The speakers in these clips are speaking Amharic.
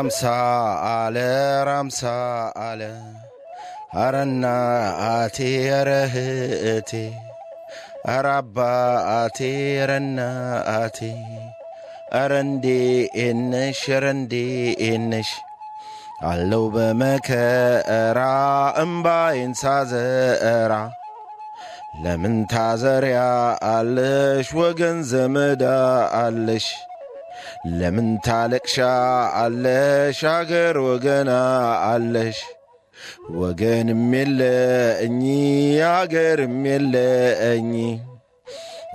ራምሳ አለ ራምሳ አለ አረና አቴ ረህእቴ አራባ አቴ ረና አቴ አረንዴ ኤንሽ ረንዴ ኤንሽ አለው በመከራ እምባዬን ሳዘራ ለምን ታዘሪያ አለሽ ወገን ዘመዳ አለሽ ለምን ታለቅሻ አለሽ አገር ወገና አለሽ ወገንም የለ እኚ አገርም የለ እኚ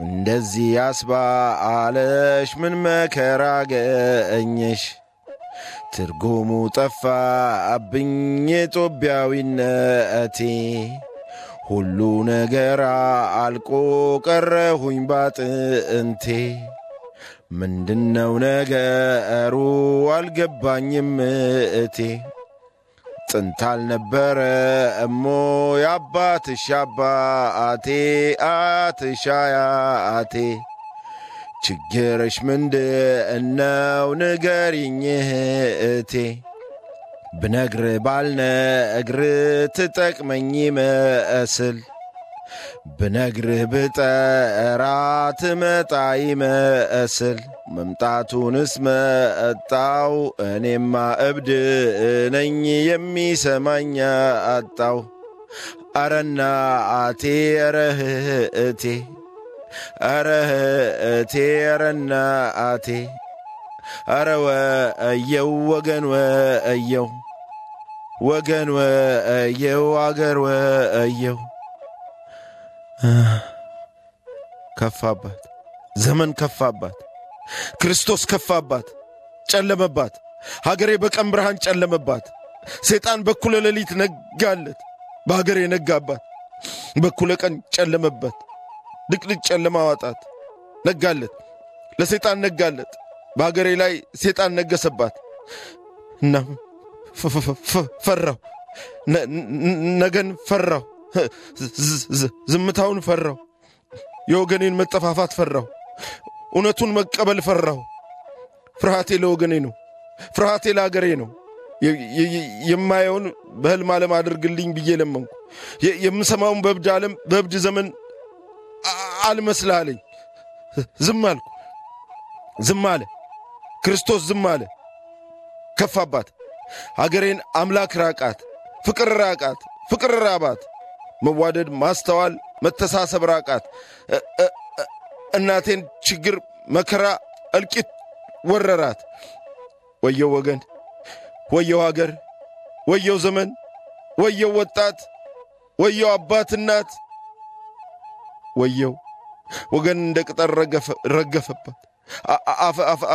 እንደዚህ አስባ አለሽ ምን መከራ ገእኝሽ ትርጉሙ ጠፋ አብኝ ኢትዮጵያዊነቴ ሁሉ ነገራ አልቆ ቀረሁኝ ባጥንቴ ምንድነው ነገሩ አልገባኝም እቴ። ጥንት አልነበረ እሞ የአባትሽ አባቴ አትሻያቴ ችግርሽ ምንድነው ንገሪኝ እቴ። ብነግር ባልነግር ትጠቅመኝ መስል ብነግርህ ብጠራ ትመጣ ይመስል መምጣቱንስ መጣው እኔማ እብድ ነኝ የሚሰማኝ አጣው። አረና አቴ ረህእቴ ረህእቴ ረና አቴ አረ ወየው ወገን ወየው ወገን ወየው አገር ወየው ከፋባት፣ ዘመን ከፋባት፣ ክርስቶስ ከፋባት፣ ጨለመባት። ሀገሬ በቀን ብርሃን ጨለመባት። ሰይጣን በኩለ ሌሊት ነጋለት፣ በሀገሬ ነጋባት። በኩለ ቀን ጨለመበት፣ ድቅድቅ ጨለማ ዋጣት። ነጋለት፣ ለሰይጣን ነጋለት። በሀገሬ ላይ ሰይጣን ነገሰባት። እናም ፈራሁ፣ ነገን ፈራሁ። ዝምታውን ፈራው። የወገኔን መጠፋፋት ፈራው። እውነቱን መቀበል ፈራው ፍርሃቴ ለወገኔ ነው። ፍርሃቴ ለአገሬ ነው። የማየውን በሕልም ዓለም አድርግልኝ ብዬ ለመንኩ። የምሰማውን በእብድ ዓለም በእብድ ዘመን አልመስልህ ዝም አልኩ። ዝም አለ ክርስቶስ፣ ዝም አለ። ከፋባት አገሬን አምላክ ራቃት፣ ፍቅር ራቃት፣ ፍቅር ራባት። መዋደድ፣ ማስተዋል፣ መተሳሰብ ራቃት። እናቴን ችግር፣ መከራ፣ እልቂት ወረራት። ወየው ወገን፣ ወየው ሀገር፣ ወየው ዘመን፣ ወየው ወጣት፣ ወየው አባት እናት፣ ወየው ወገን እንደ ቅጠር ረገፈባት።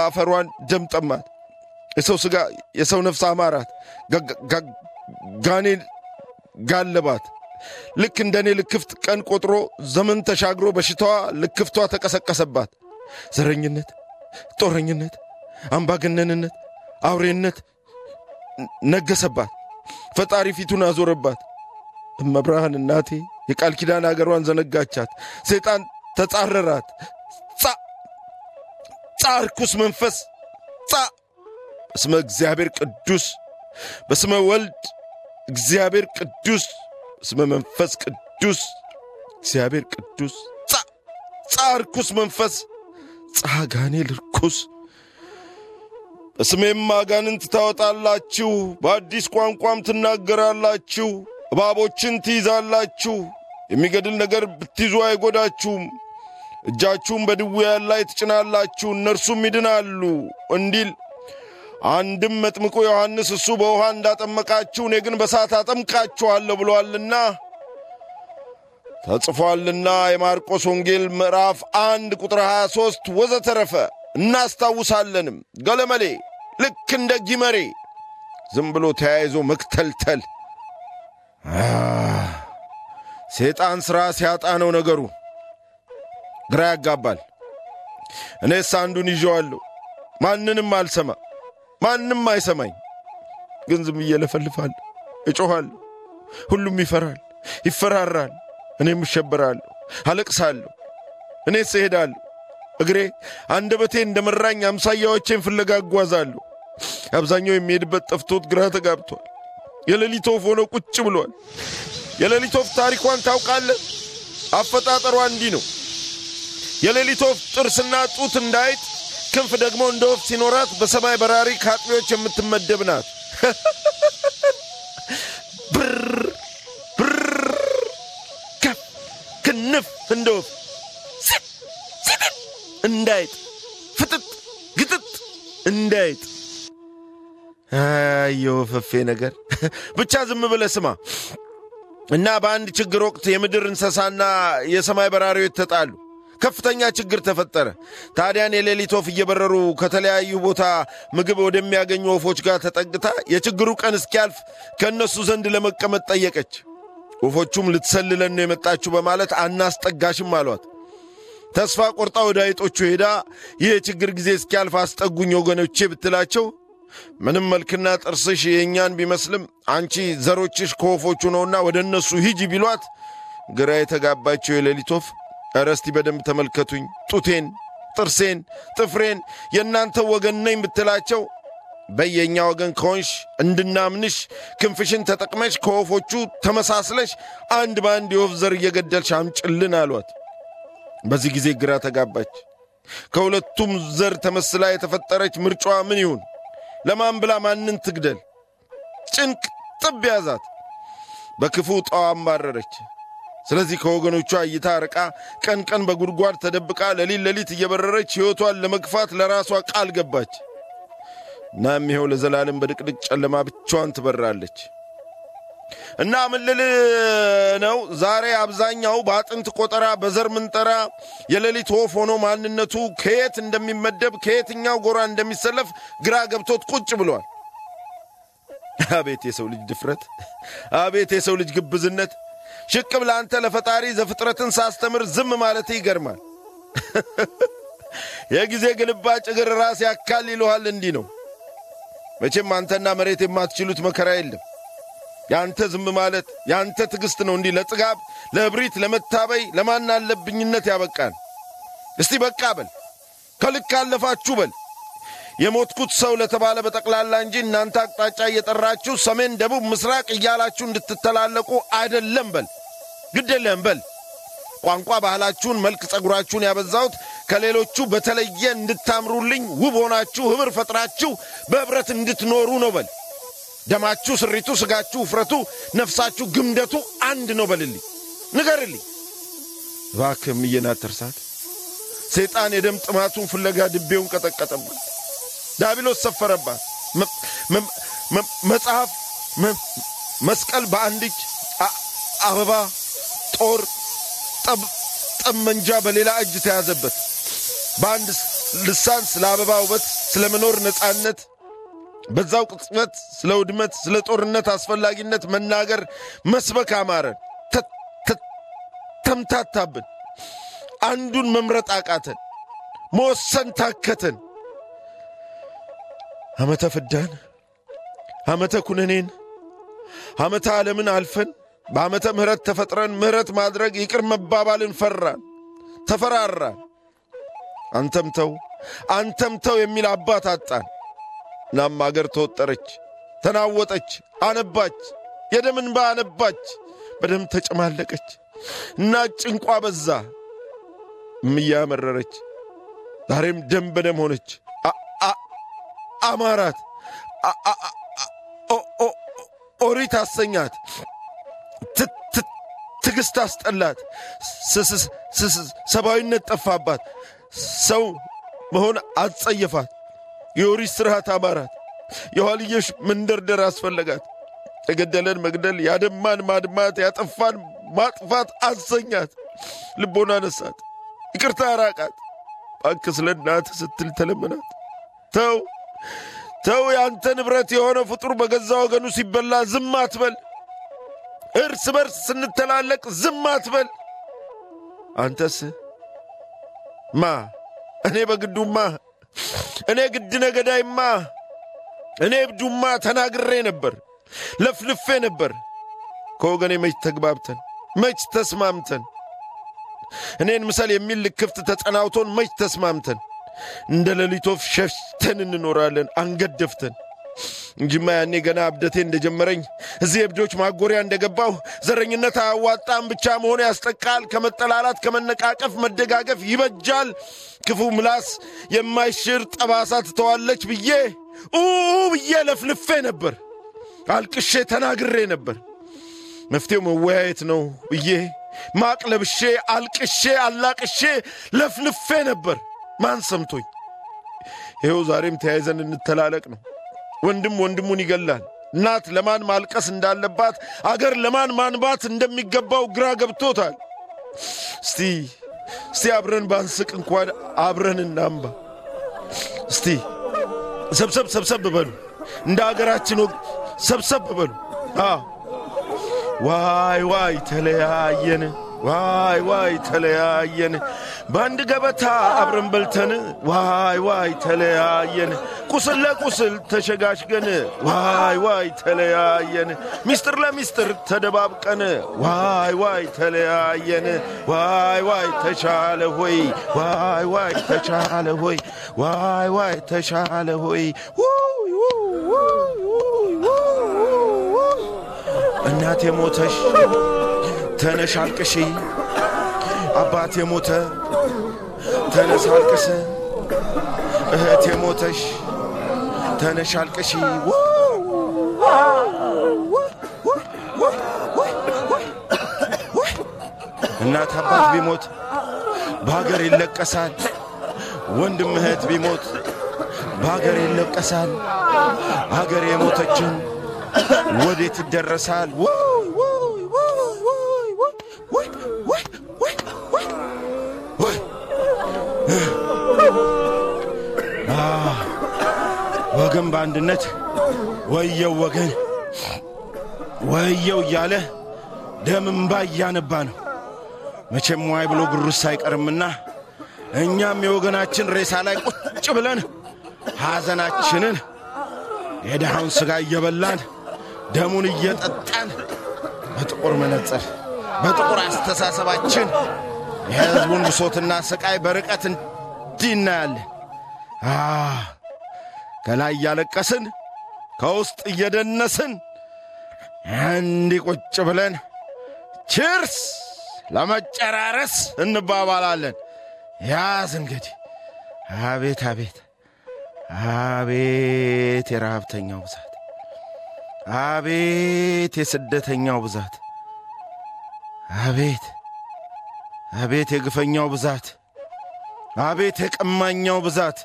አፈሯን ደም ጠማት። የሰው ሥጋ የሰው ነፍስ አማራት። ጋኔን ጋለባት። ልክ እንደ እኔ ልክፍት ቀን ቆጥሮ ዘመን ተሻግሮ በሽታዋ ልክፍቷ ተቀሰቀሰባት። ዘረኝነት፣ ጦረኝነት፣ አምባገነንነት፣ አውሬነት ነገሰባት። ፈጣሪ ፊቱን አዞረባት። እመብርሃን እናቴ የቃል ኪዳን አገሯን ዘነጋቻት። ሰይጣን ተጻረራት። ጻ ርኩስ መንፈስ ጻ በስመ እግዚአብሔር ቅዱስ በስመ ወልድ እግዚአብሔር ቅዱስ ስመ መንፈስ ቅዱስ እግዚአብሔር ቅዱስ ጻ ርኩስ መንፈስ ጻ ጋኔል ርኩስ በስሜም አጋንንት ታወጣላችሁ፣ በአዲስ ቋንቋም ትናገራላችሁ፣ እባቦችን ትይዛላችሁ፣ የሚገድል ነገር ብትይዙ አይጎዳችሁም፣ እጃችሁም በድውያን ላይ ትጭናላችሁ፣ እነርሱም ይድናሉ እንዲል አንድም መጥምቁ ዮሐንስ እሱ በውሃ እንዳጠመቃችሁ እኔ ግን በእሳት አጠምቃችኋለሁ ብሏልና ተጽፏልና የማርቆስ ወንጌል ምዕራፍ አንድ ቁጥር 23 ወዘተረፈ እናስታውሳለንም። ገለመሌ ልክ እንደ ጊመሬ ዝም ብሎ ተያይዞ መክተልተል ሴጣን ሥራ ሲያጣ ነው ነገሩ። ግራ ያጋባል። እኔስ አንዱን ይዤዋለሁ፣ ማንንም አልሰማ ማንም አይሰማኝ፣ ግን ዝም እየለፈልፋል፣ እጮኋል፣ ሁሉም ይፈራል፣ ይፈራራል፣ እኔም እሸበራለሁ፣ አለቅሳለሁ። እኔስ እሄዳለሁ፣ እግሬ አንደበቴ እንደ መራኝ አምሳያዎቼን ፍለጋ እጓዛለሁ። አብዛኛው የሚሄድበት ጠፍቶት ግራ ተጋብቷል። የሌሊት ወፍ ሆኖ ቁጭ ብሏል። የሌሊት ወፍ ታሪኳን ታውቃለህ? አፈጣጠሯ እንዲህ ነው። የሌሊት ወፍ ጥርስና ጡት እንዳይጥ ክንፍ ደግሞ እንደ ወፍ ሲኖራት በሰማይ በራሪ ከአጥቢዎች የምትመደብ ናት። ብር ብር ከፍ ክንፍ እንደ ወፍ እንዳይጥ ፍጥጥ ግጥጥ እንዳይጥ የወፈፌ ነገር ብቻ ዝም ብለ ስማ እና በአንድ ችግር ወቅት የምድር እንስሳና የሰማይ በራሪዎች ተጣሉ። ከፍተኛ ችግር ተፈጠረ። ታዲያን የሌሊት ወፍ እየበረሩ ከተለያዩ ቦታ ምግብ ወደሚያገኙ ወፎች ጋር ተጠግታ የችግሩ ቀን እስኪያልፍ ከእነሱ ዘንድ ለመቀመጥ ጠየቀች። ወፎቹም ልትሰልለን ነው የመጣችሁ በማለት አናስጠጋሽም አሏት። ተስፋ ቆርጣ ወደ አይጦቹ ሄዳ ይህ የችግር ጊዜ እስኪያልፍ አስጠጉኝ ወገኖቼ ብትላቸው ምንም መልክና ጥርስሽ የእኛን ቢመስልም አንቺ ዘሮችሽ ከወፎቹ ነውና ወደ እነሱ ሂጂ ቢሏት ግራ የተጋባቸው የሌሊት ወፍ እረ እስቲ በደንብ ተመልከቱኝ፣ ጡቴን፣ ጥርሴን፣ ጥፍሬን የእናንተ ወገን ነኝ ብትላቸው በየኛ ወገን ከሆንሽ እንድናምንሽ ክንፍሽን ተጠቅመሽ ከወፎቹ ተመሳስለሽ አንድ በአንድ የወፍ ዘር እየገደልሽ አምጭልን አሏት። በዚህ ጊዜ ግራ ተጋባች። ከሁለቱም ዘር ተመስላ የተፈጠረች ምርጫዋ ምን ይሁን? ለማን ብላ ማንን ትግደል? ጭንቅ ጥብ ያዛት፣ በክፉ ጣዋ አማረረች። ስለዚህ ከወገኖቿ እይታ ርቃ ቀን ቀን በጉድጓድ ተደብቃ ለሊት ለሊት እየበረረች ሕይወቷን ለመግፋት ለራሷ ቃል ገባች። እናም ይኸው ለዘላለም በድቅድቅ ጨለማ ብቻዋን ትበራለች። እና ምልል ነው ዛሬ አብዛኛው በአጥንት ቆጠራ፣ በዘር ምንጠራ የሌሊት ወፍ ሆኖ ማንነቱ ከየት እንደሚመደብ ከየትኛው ጎራ እንደሚሰለፍ ግራ ገብቶት ቁጭ ብሏል። አቤት የሰው ልጅ ድፍረት! አቤት የሰው ልጅ ግብዝነት! ሽቅ ብለህ አንተ ለፈጣሪ ዘፍጥረትን ሳስተምር ዝም ማለት ይገርማል። የጊዜ ግልባጭ እግር ራስ ያካል ይለሃል። እንዲህ ነው መቼም አንተና መሬት የማትችሉት መከራ የለም። ያንተ ዝም ማለት ያንተ ትዕግሥት ነው እንዲህ ለጥጋብ፣ ለእብሪት፣ ለመታበይ፣ ለማን አለብኝነት ያበቃን። እስቲ በቃ በል ከልክ አለፋችሁ በል የሞትኩት ሰው ለተባለ በጠቅላላ እንጂ እናንተ አቅጣጫ እየጠራችሁ ሰሜን፣ ደቡብ፣ ምስራቅ እያላችሁ እንድትተላለቁ አይደለም በል። ግድ የለህም በል። ቋንቋ ባህላችሁን፣ መልክ ጸጉራችሁን ያበዛሁት ከሌሎቹ በተለየ እንድታምሩልኝ ውብ ሆናችሁ ኅብር ፈጥራችሁ በኅብረት እንድትኖሩ ነው በል። ደማችሁ ስሪቱ፣ ሥጋችሁ ውፍረቱ፣ ነፍሳችሁ ግምደቱ አንድ ነው በልልኝ፣ ንገርልኝ። እባክህም እየናተርሳት ሰይጣን የደም ጥማቱን ፍለጋ ድቤውን ቀጠቀጠባት። ዳቢሎስ ሰፈረባት። መጽሐፍ መስቀል በአንድ እጅ አበባ ጦር ጠመንጃ በሌላ እጅ ተያዘበት። በአንድ ልሳን ስለ አበባ ውበት፣ ስለ መኖር ነፃነት፣ በዛው ቅጽበት ስለ ውድመት፣ ስለ ጦርነት አስፈላጊነት መናገር መስበክ አማረን፣ ተምታታብን። አንዱን መምረጥ አቃተን፣ መወሰን ታከተን። ዓመተ ፍዳን፣ ዓመተ ኩነኔን፣ ዓመተ ዓለምን አልፈን በዓመተ ምሕረት ተፈጥረን ምሕረት ማድረግ ይቅር መባባልን ፈራን፣ ተፈራራን። አንተም ተው አንተም ተው የሚል አባት አጣን። እናም አገር ተወጠረች፣ ተናወጠች፣ አነባች፣ የደም እንባ አነባች፣ በደም ተጨማለቀች እና ጭንቋ በዛ፣ እምያ መረረች። ዛሬም ደም በደም ሆነች። አማራት፣ ኦሪት አሰኛት። ትዕግሥት አስጠላት። ሰብአዊነት ጠፋባት። ሰው መሆን አትጸየፋት። የኦሪት ስርሃት አማራት። የኋልየሽ መንደርደር አስፈለጋት። የገደለን መግደል፣ ያደማን ማድማት፣ ያጠፋን ማጥፋት አዘኛት። ልቦና ነሳት፣ ይቅርታ ራቃት። እባክህ ስለ እናት ስትል ተለመናት። ተው ተው፣ የአንተ ንብረት የሆነ ፍጡር በገዛ ወገኑ ሲበላ ዝም አትበል። እርስ በርስ ስንተላለቅ ዝም አትበል። አንተስ ማ እኔ በግዱማ እኔ ግድ ነገዳይማ እኔ እብዱማ ተናግሬ ነበር፣ ለፍልፌ ነበር። ከወገኔ መች ተግባብተን መች ተስማምተን እኔን ምሰል የሚል ልክፍት ተጸናውቶን መች ተስማምተን እንደ ሌሊት ወፍ ሸሽተን እንኖራለን አንገደፍተን ጅማ ያኔ ገና እብደቴ እንደጀመረኝ እዚህ እብዶች ማጎሪያ እንደገባሁ ዘረኝነት አያዋጣም፣ ብቻ መሆን ያስጠቃል፣ ከመጠላላት ከመነቃቀፍ መደጋገፍ ይበጃል፣ ክፉ ምላስ የማይሽር ጠባሳ ትተዋለች ብዬ ኡ ብዬ ለፍልፌ ነበር፣ አልቅሼ ተናግሬ ነበር። መፍትሄው መወያየት ነው ብዬ ማቅ ለብሼ አልቅሼ አላቅሼ ለፍልፌ ነበር። ማን ሰምቶኝ? ይኸው ዛሬም ተያይዘን እንተላለቅ ነው። ወንድም ወንድሙን ይገላል። እናት ለማን ማልቀስ እንዳለባት፣ አገር ለማን ማንባት እንደሚገባው ግራ ገብቶታል። እስቲ እስቲ አብረን ባንስቅ እንኳን አብረን እናንባ። እስቲ ሰብሰብ ሰብሰብ በሉ እንደ አገራችን ወግ ሰብሰብ በሉ። ዋይ ዋይ ተለያየን። ዋይ ዋይ ተለያየን፣ በአንድ ገበታ አብረን በልተን፣ ዋይ ዋይ ተለያየን፣ ቁስል ለቁስል ተሸጋሽገን፣ ዋይ ዋይ ተለያየን፣ ሚስጥር ለሚስጥር ተደባብቀን፣ ዋይ ዋይ ተለያየን፣ ዋይ ዋይ ተሻለ ሆይ፣ ዋይ ዋይ ተሻለ ሆይ፣ ዋይ ዋይ ተሻለ ሆይ እናቴ ሞተሽ ተነሽ አልቅሺ፣ አባት የሞተ ተነስ አልቅሰ፣ እህት የሞተሽ ተነሽ አልቅሺ። እናት አባት ቢሞት በሀገር ይለቀሳል። ወንድም እህት ቢሞት በሀገር ይለቀሳል። ሀገር የሞተችን ወዴት ይደረሳል? አንድነት ወየው ወገን ወየው እያለ ደም እምባ እያነባ ነው። መቼም ዋይ ብሎ ጉርስ አይቀርምና እኛም የወገናችን ሬሳ ላይ ቁጭ ብለን ሐዘናችንን የድሃውን ሥጋ እየበላን ደሙን እየጠጣን በጥቁር መነጽር በጥቁር አስተሳሰባችን የሕዝቡን ብሶትና ስቃይ በርቀት እንዲህ እናያለን። ከላይ እያለቀስን ከውስጥ እየደነስን እንዲህ ቁጭ ብለን ችርስ ለመጨራረስ እንባባላለን። ያዝ እንግዲህ አቤት አቤት አቤት የረሃብተኛው ብዛት፣ አቤት የስደተኛው ብዛት፣ አቤት አቤት የግፈኛው ብዛት፣ አቤት የቀማኛው ብዛት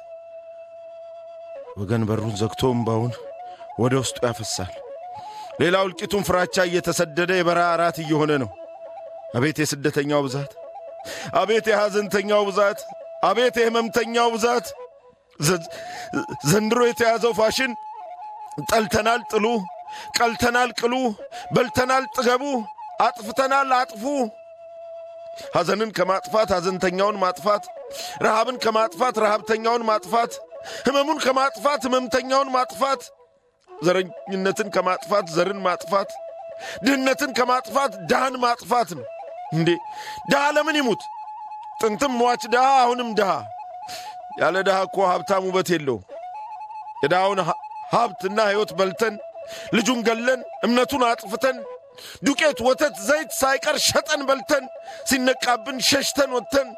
ወገን በሩን ዘግቶ እምባውን ወደ ውስጡ ያፈሳል። ሌላ እልቂቱን ፍራቻ እየተሰደደ የበረሃ አራት እየሆነ ነው። አቤት የስደተኛው ብዛት! አቤት የሐዘንተኛው ብዛት! አቤት የሕመምተኛው ብዛት! ዘንድሮ የተያዘው ፋሽን ጠልተናል ጥሉ፣ ቀልተናል ቅሉ፣ በልተናል ጥገቡ፣ አጥፍተናል አጥፉ። ሐዘንን ከማጥፋት ሐዘንተኛውን ማጥፋት፣ ረሃብን ከማጥፋት ረሃብተኛውን ማጥፋት ህመሙን ከማጥፋት ህመምተኛውን ማጥፋት፣ ዘረኝነትን ከማጥፋት ዘርን ማጥፋት፣ ድህነትን ከማጥፋት ድሃን ማጥፋት ነው። እንዴ ድሃ ለምን ይሙት? ጥንትም ሟች ድሃ፣ አሁንም ድሃ። ያለ ድሃ እኮ ሀብታም ውበት የለውም። የድሃውን ሀብትና ሕይወት በልተን ልጁን ገለን እምነቱን አጥፍተን ዱቄት፣ ወተት፣ ዘይት ሳይቀር ሸጠን በልተን ሲነቃብን ሸሽተን ወጥተን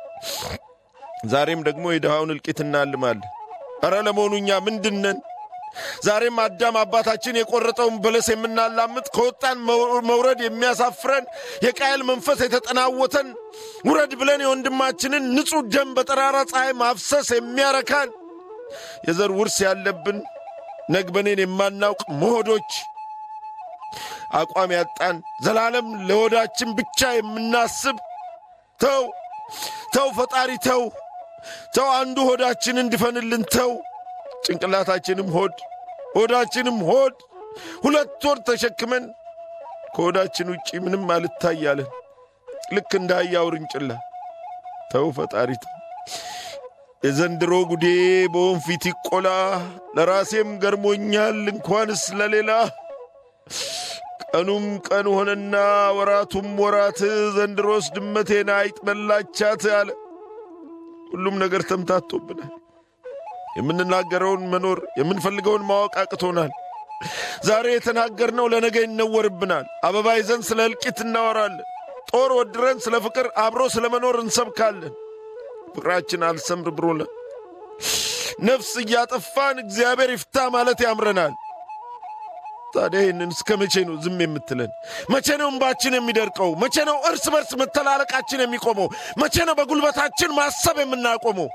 ዛሬም ደግሞ የድሃውን እልቂት እናልማለን። እረ ለመሆኑ እኛ ምንድነን? ዛሬም አዳም አባታችን የቆረጠውን በለስ የምናላምጥ ከወጣን መውረድ የሚያሳፍረን የቃየል መንፈስ የተጠናወተን ውረድ ብለን የወንድማችንን ንጹሕ ደም በጠራራ ፀሐይ ማፍሰስ የሚያረካን የዘር ውርስ ያለብን ነግበኔን የማናውቅ መሆዶች አቋም ያጣን ዘላለም ለወዳችን ብቻ የምናስብ ተው ተው ፈጣሪ ተው ተው፣ አንዱ ሆዳችን እንድፈንልን ተው። ጭንቅላታችንም ሆድ ሆዳችንም ሆድ ሁለት ወር ተሸክመን ከሆዳችን ውጪ ምንም አልታያለን። ልክ እንደ አህያ ውርንጭላ። ተው ፈጣሪ ተው። የዘንድሮ ጉዴ በወንፊት ይቆላ። ለራሴም ገርሞኛል እንኳንስ ለሌላ። ቀኑም ቀን ሆነና ወራቱም ወራት ዘንድሮስ ድመቴን አይጥ በላቻት አለ። ሁሉም ነገር ተምታቶብናል። የምንናገረውን መኖር የምንፈልገውን ማወቅ አቅቶናል። ዛሬ የተናገርነው ለነገ ይነወርብናል። አበባ ይዘን ስለ እልቂት እናወራለን። ጦር ወድረን ስለ ፍቅር አብሮ ስለ መኖር እንሰብካለን። ፍቅራችን አልሰምር ብሎለን ነፍስ እያጠፋን እግዚአብሔር ይፍታ ማለት ያምረናል። ታዲያ ይህንን እስከ መቼ ነው ዝም የምትለን? መቼ ነው እንባችን የሚደርቀው? መቼ ነው እርስ በርስ መተላለቃችን የሚቆመው? መቼ ነው በጉልበታችን ማሰብ የምናቆመው?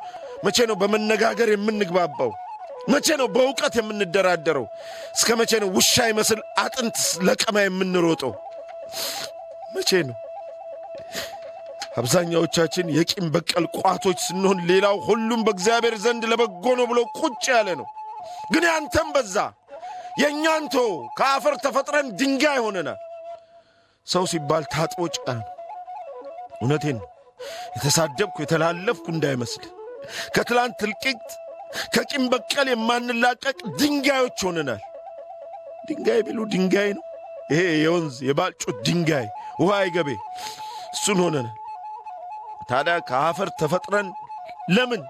መቼ ነው በመነጋገር የምንግባባው? መቼ ነው በእውቀት የምንደራደረው? እስከ መቼ ነው ውሻ ይመስል አጥንት ለቀማ የምንሮጠው? መቼ ነው አብዛኛዎቻችን የቂም በቀል ቋቶች ስንሆን፣ ሌላው ሁሉም በእግዚአብሔር ዘንድ ለበጎ ነው ብሎ ቁጭ ያለ ነው። ግን ያንተም በዛ የእኛንቶ ከአፈር ተፈጥረን ድንጋይ ሆነናል። ሰው ሲባል ታጥቦ ጭቃ ነው። እውነቴን የተሳደብኩ የተላለፍኩ እንዳይመስል ከትላንት እልቂት ከቂም በቀል የማንላቀቅ ድንጋዮች ሆነናል። ድንጋይ ቢሉ ድንጋይ ነው። ይሄ የወንዝ የባልጩት ድንጋይ ውሃ አይገቤ እሱን ሆነናል። ታዲያ ከአፈር ተፈጥረን ለምን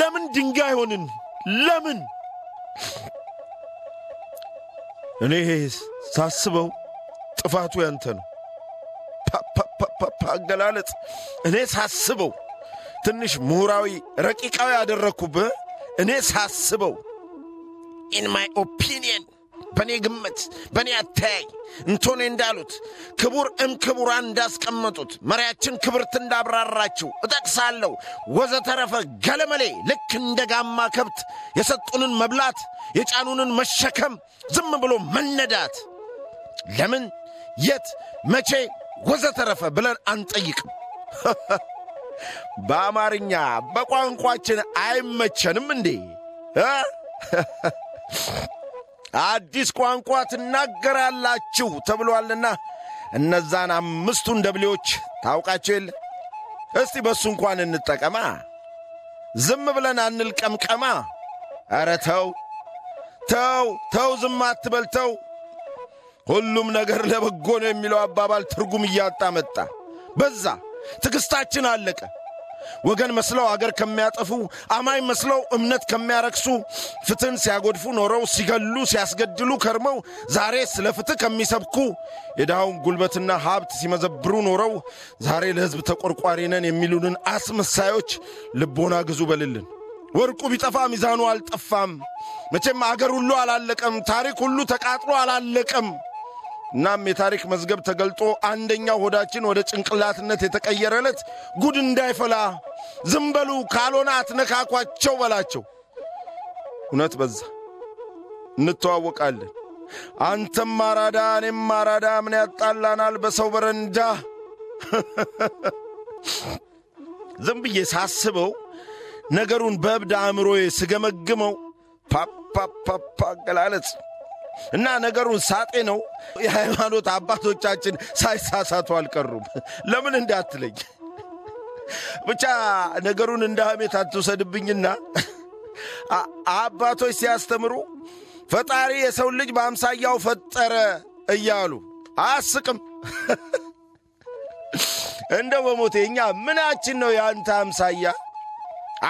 ለምን ድንጋይ ሆንን? ለምን እኔ ሳስበው ጥፋቱ ያንተ ነው። አገላለጽ እኔ ሳስበው ትንሽ ምሁራዊ ረቂቃዊ ያደረግኩብህ እኔ ሳስበው ኢን ማይ ኦፒኒየን በእኔ ግምት፣ በእኔ አተያይ እንቶኔ እንዳሉት ክቡር እም ክቡራን እንዳስቀመጡት መሪያችን ክብርት እንዳብራራችው እጠቅሳለሁ ወዘተረፈ ገለመሌ ልክ እንደ ጋማ ከብት የሰጡንን መብላት፣ የጫኑንን መሸከም፣ ዝም ብሎ መነዳት ለምን፣ የት፣ መቼ ወዘተረፈ ብለን አንጠይቅም። በአማርኛ በቋንቋችን አይመቸንም እንዴ? አዲስ ቋንቋ ትናገራላችሁ ተብሏልና እነዛን አምስቱን ደብሌዎች ታውቃችሁ የለ? እስቲ በሱ እንኳን እንጠቀማ። ዝም ብለን አንልቀምቀማ። ኧረ ተው ተው ተው፣ ዝም አትበልተው። ሁሉም ነገር ለበጎ ነው የሚለው አባባል ትርጉም እያጣ መጣ። በዛ ትዕግሥታችን አለቀ። ወገን መስለው አገር ከሚያጠፉ አማኝ መስለው እምነት ከሚያረክሱ ፍትህን ሲያጎድፉ ኖረው ሲገሉ ሲያስገድሉ ከርመው ዛሬ ስለ ፍትህ ከሚሰብኩ የድሃውን ጉልበትና ሀብት ሲመዘብሩ ኖረው ዛሬ ለሕዝብ ተቆርቋሪ ነን የሚሉንን አስመሳዮች ልቦና ግዙ በልልን። ወርቁ ቢጠፋ ሚዛኑ አልጠፋም። መቼም አገር ሁሉ አላለቀም። ታሪክ ሁሉ ተቃጥሎ አላለቀም። እናም የታሪክ መዝገብ ተገልጦ አንደኛው ሆዳችን ወደ ጭንቅላትነት የተቀየረ ዕለት ጉድ እንዳይፈላ ዝም በሉ ካልሆነ አትነካኳቸው በላቸው። እውነት በዛ እንተዋወቃለን። አንተም ማራዳ እኔም ማራዳ ምን ያጣላናል በሰው በረንዳ? ዝም ብዬ ሳስበው ነገሩን በእብድ አእምሮዬ ስገመግመው ፓፓፓፓ አገላለጽ እና ነገሩን ሳጤ ነው። የሃይማኖት አባቶቻችን ሳይሳሳቱ አልቀሩም። ለምን እንዳትለኝ ብቻ ነገሩን እንደ ሐሜት አትውሰድብኝና አባቶች ሲያስተምሩ ፈጣሪ የሰው ልጅ በአምሳያው ፈጠረ እያሉ አያስቅም። እንደ በሞቴ እኛ ምናችን ነው የአንተ አምሳያ?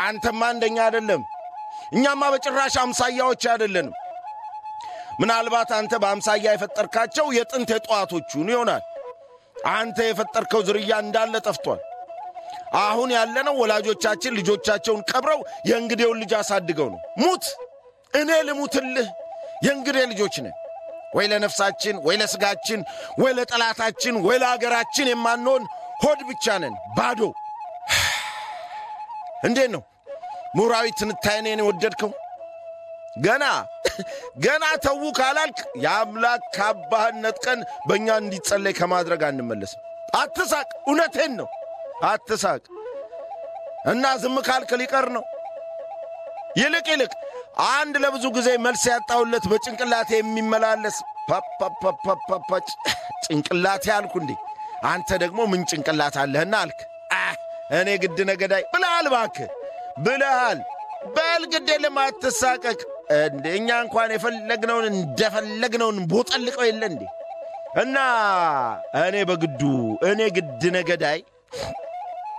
አንተማ እንደኛ አይደለም። እኛማ በጭራሽ አምሳያዎች አይደለንም። ምናልባት አንተ በአምሳያ የፈጠርካቸው የጥንት የጠዋቶቹን ይሆናል። አንተ የፈጠርከው ዝርያ እንዳለ ጠፍቷል። አሁን ያለነው ወላጆቻችን ልጆቻቸውን ቀብረው የእንግዴውን ልጅ አሳድገው ነው። ሙት፣ እኔ ልሙትልህ፣ የእንግዴ ልጆች ነን። ወይ ለነፍሳችን፣ ወይ ለሥጋችን፣ ወይ ለጠላታችን፣ ወይ ለአገራችን የማንሆን ሆድ ብቻ ነን፣ ባዶ። እንዴት ነው ምሁራዊ ትንታኔን የወደድከው? ገና ገና ተዉ ካላልክ የአምላክ ካባህን ነጥቀን በእኛ እንዲጸለይ ከማድረግ አንመለስም። አትሳቅ፣ እውነቴን ነው። አትሳቅ እና ዝም ካልክ ሊቀር ነው። ይልቅ ይልቅ አንድ ለብዙ ጊዜ መልስ ያጣውለት በጭንቅላቴ የሚመላለስ ፓፓፓፓፓ ጭንቅላቴ አልኩ እንዴ? አንተ ደግሞ ምን ጭንቅላት አለህና አልክ። እኔ ግድ ነገዳይ ብለሃል፣ እባክህ ብለሃል። በል ግድ የለም አትሳቀቅ። እኛ እንኳን የፈለግነውን እንደፈለግነውን ቦጠልቀው የለ እንዴ? እና እኔ በግዱ እኔ ግድ ነገዳይ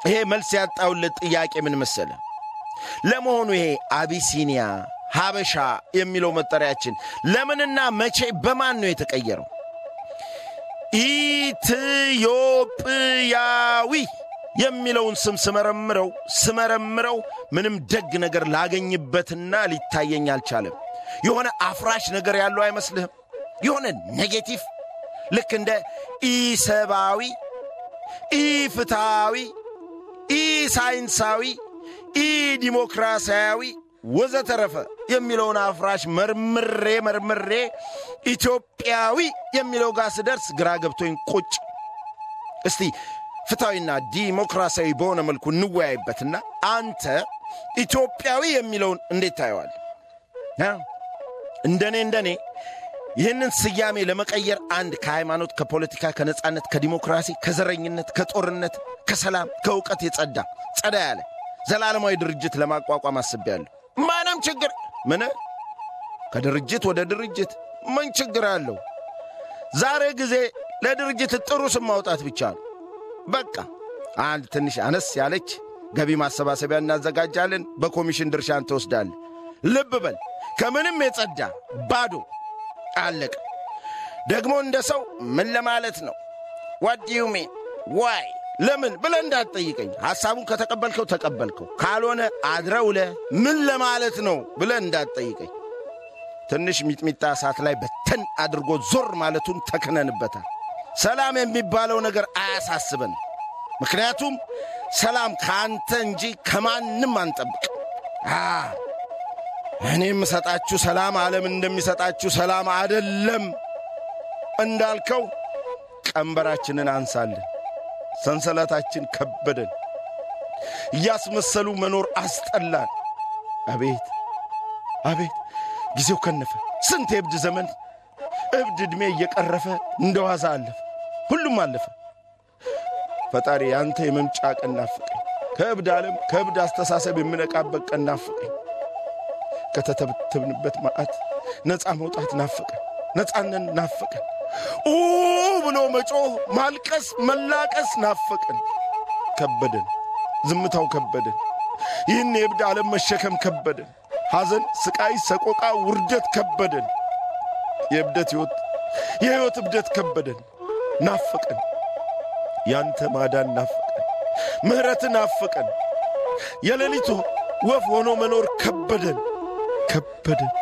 ይሄ መልስ ያጣውለት ጥያቄ ምን መሰለ? ለመሆኑ ይሄ አቢሲኒያ ሀበሻ የሚለው መጠሪያችን ለምንና መቼ በማን ነው የተቀየረው? ኢትዮጵያዊ የሚለውን ስም ስመረምረው ስመረምረው ምንም ደግ ነገር ላገኝበትና ሊታየኝ አልቻለም። የሆነ አፍራሽ ነገር ያለው አይመስልህም? የሆነ ኔጌቲቭ፣ ልክ እንደ ኢሰብአዊ፣ ኢፍትሐዊ፣ ኢሳይንሳዊ፣ ኢዲሞክራሲያዊ ወዘተረፈ የሚለውን አፍራሽ መርምሬ መርምሬ ኢትዮጵያዊ የሚለው ጋር ስደርስ ግራ ገብቶኝ ቁጭ እስቲ ፍትሐዊና ዲሞክራሲያዊ በሆነ መልኩ እንወያይበትና አንተ ኢትዮጵያዊ የሚለውን እንዴት ታየዋል? እንደኔ እንደኔ ይህንን ስያሜ ለመቀየር አንድ ከሃይማኖት፣ ከፖለቲካ፣ ከነፃነት፣ ከዲሞክራሲ፣ ከዘረኝነት፣ ከጦርነት፣ ከሰላም፣ ከእውቀት የጸዳ ጸዳ ያለ ዘላለማዊ ድርጅት ለማቋቋም አስቤያለሁ። ማንም ችግር ምን ከድርጅት ወደ ድርጅት ምን ችግር አለው? ዛሬ ጊዜ ለድርጅት ጥሩ ስም ማውጣት ብቻ ነው። በቃ አንድ ትንሽ አነስ ያለች ገቢ ማሰባሰቢያ እናዘጋጃለን። በኮሚሽን ድርሻን ትወስዳለ። ልብ በል ከምንም የጸዳ ባዶ አለቀ። ደግሞ እንደ ሰው ምን ለማለት ነው ዋዲዩሜ ዋይ ለምን ብለህ እንዳትጠይቀኝ። ሐሳቡን ከተቀበልከው ተቀበልከው፣ ካልሆነ አድረ ውለ ምን ለማለት ነው ብለህ እንዳትጠይቀኝ። ትንሽ ሚጥሚጣ እሳት ላይ በተን አድርጎ ዞር ማለቱን ተክነንበታል። ሰላም የሚባለው ነገር አያሳስበን። ምክንያቱም ሰላም ከአንተ እንጂ ከማንም አንጠብቅ። እኔ የምሰጣችሁ ሰላም ዓለም እንደሚሰጣችሁ ሰላም አደለም። እንዳልከው ቀንበራችንን አንሳልን፣ ሰንሰለታችን ከበደን፣ እያስመሰሉ መኖር አስጠላን። አቤት አቤት ጊዜው ከነፈ። ስንት የእብድ ዘመን እብድ ዕድሜ እየቀረፈ እንደዋዛ አለፈ። ሁሉም አለፈ። ፈጣሪ ያንተ የመምጫ ቀን ናፍቀኝ። ከእብድ ዓለም ከእብድ አስተሳሰብ የምነቃበት ቀን ናፍቀኝ። ከተተብትብንበት መዓት ነፃ መውጣት ናፍቀ ነፃነን ናፍቀን፣ ኡ ብሎ መጮህ፣ ማልቀስ፣ መላቀስ ናፍቀን። ከበደን፣ ዝምታው ከበደን፣ ይህን የእብድ ዓለም መሸከም ከበደን፣ ሐዘን፣ ስቃይ፣ ሰቆቃ፣ ውርደት ከበደን። የእብደት ሕይወት የሕይወት እብደት ከበደን። ናፈቀን፣ ያንተ ማዳን ናፈቀን፣ ምሕረት ናፈቀን። የሌሊቱ ወፍ ሆኖ መኖር ከበደን ከበደን።